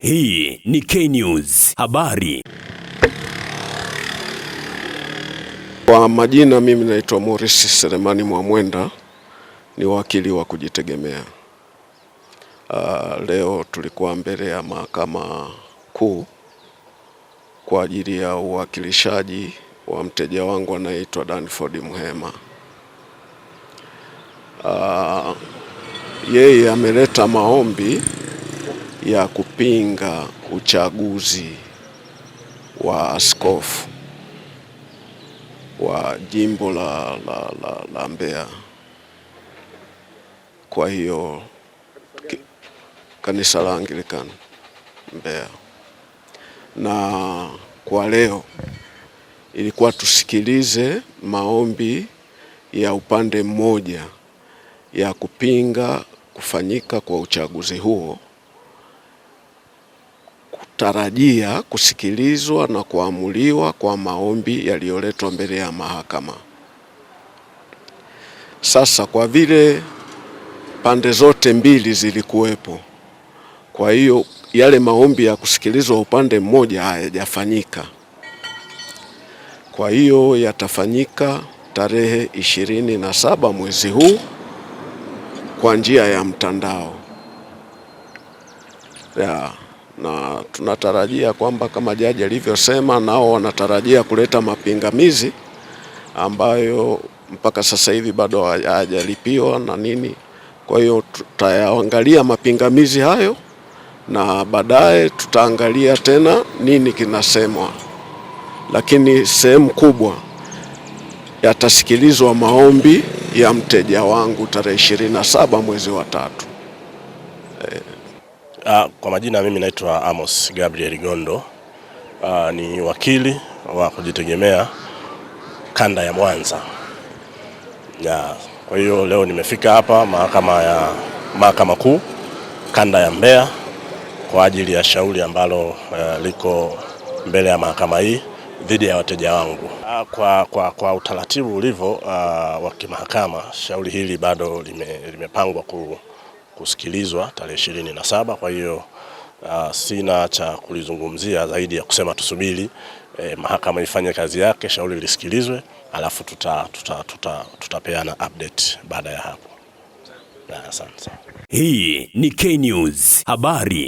Hii ni K-News. Habari kwa majina, mimi naitwa Morris Selemani Mwamwenda, ni wakili wa kujitegemea. Uh, leo tulikuwa mbele ya Mahakama Kuu kwa ajili ya uwakilishaji wa mteja wangu anaitwa Danford Mhema. Uh, ah, yeye ameleta maombi ya kupinga uchaguzi wa askofu wa jimbo la, la, la, la Mbeya. Kwa hiyo kanisa la Anglikana Mbeya, na kwa leo ilikuwa tusikilize maombi ya upande mmoja ya kupinga kufanyika kwa uchaguzi huo tarajia kusikilizwa na kuamuliwa kwa maombi yaliyoletwa mbele ya mahakama. Sasa kwa vile pande zote mbili zilikuwepo, kwa hiyo yale maombi ya kusikilizwa upande mmoja hayajafanyika, kwa hiyo yatafanyika tarehe ishirini na saba mwezi huu kwa njia ya mtandao ya na tunatarajia kwamba kama jaji alivyosema, nao wanatarajia kuleta mapingamizi ambayo mpaka sasa hivi bado hayajalipiwa na nini. Kwa hiyo tutayaangalia mapingamizi hayo na baadaye tutaangalia tena nini kinasemwa, lakini sehemu kubwa yatasikilizwa maombi ya mteja wangu tarehe 27 mwezi wa tatu. Uh, kwa majina mimi naitwa Amos Gabriel Gondo. Uh, ni wakili wa kujitegemea kanda ya Mwanza. Ya, kwa hiyo leo nimefika hapa mahakama ya Mahakama Kuu kanda ya Mbeya kwa ajili ya shauri ambalo uh, liko mbele ya mahakama hii dhidi ya wateja wangu. Ah, kwa, kwa, kwa utaratibu ulivyo uh, wa kimahakama shauri hili bado lime, limepangwa ku kusikilizwa tarehe ishirini na saba. Kwa hiyo uh, sina cha kulizungumzia zaidi ya kusema tusubiri eh, mahakama ifanye kazi yake, shauri lisikilizwe, alafu tutapeana tuta, tuta, tuta update baada ya hapo. Asante. Hii ni K News habari.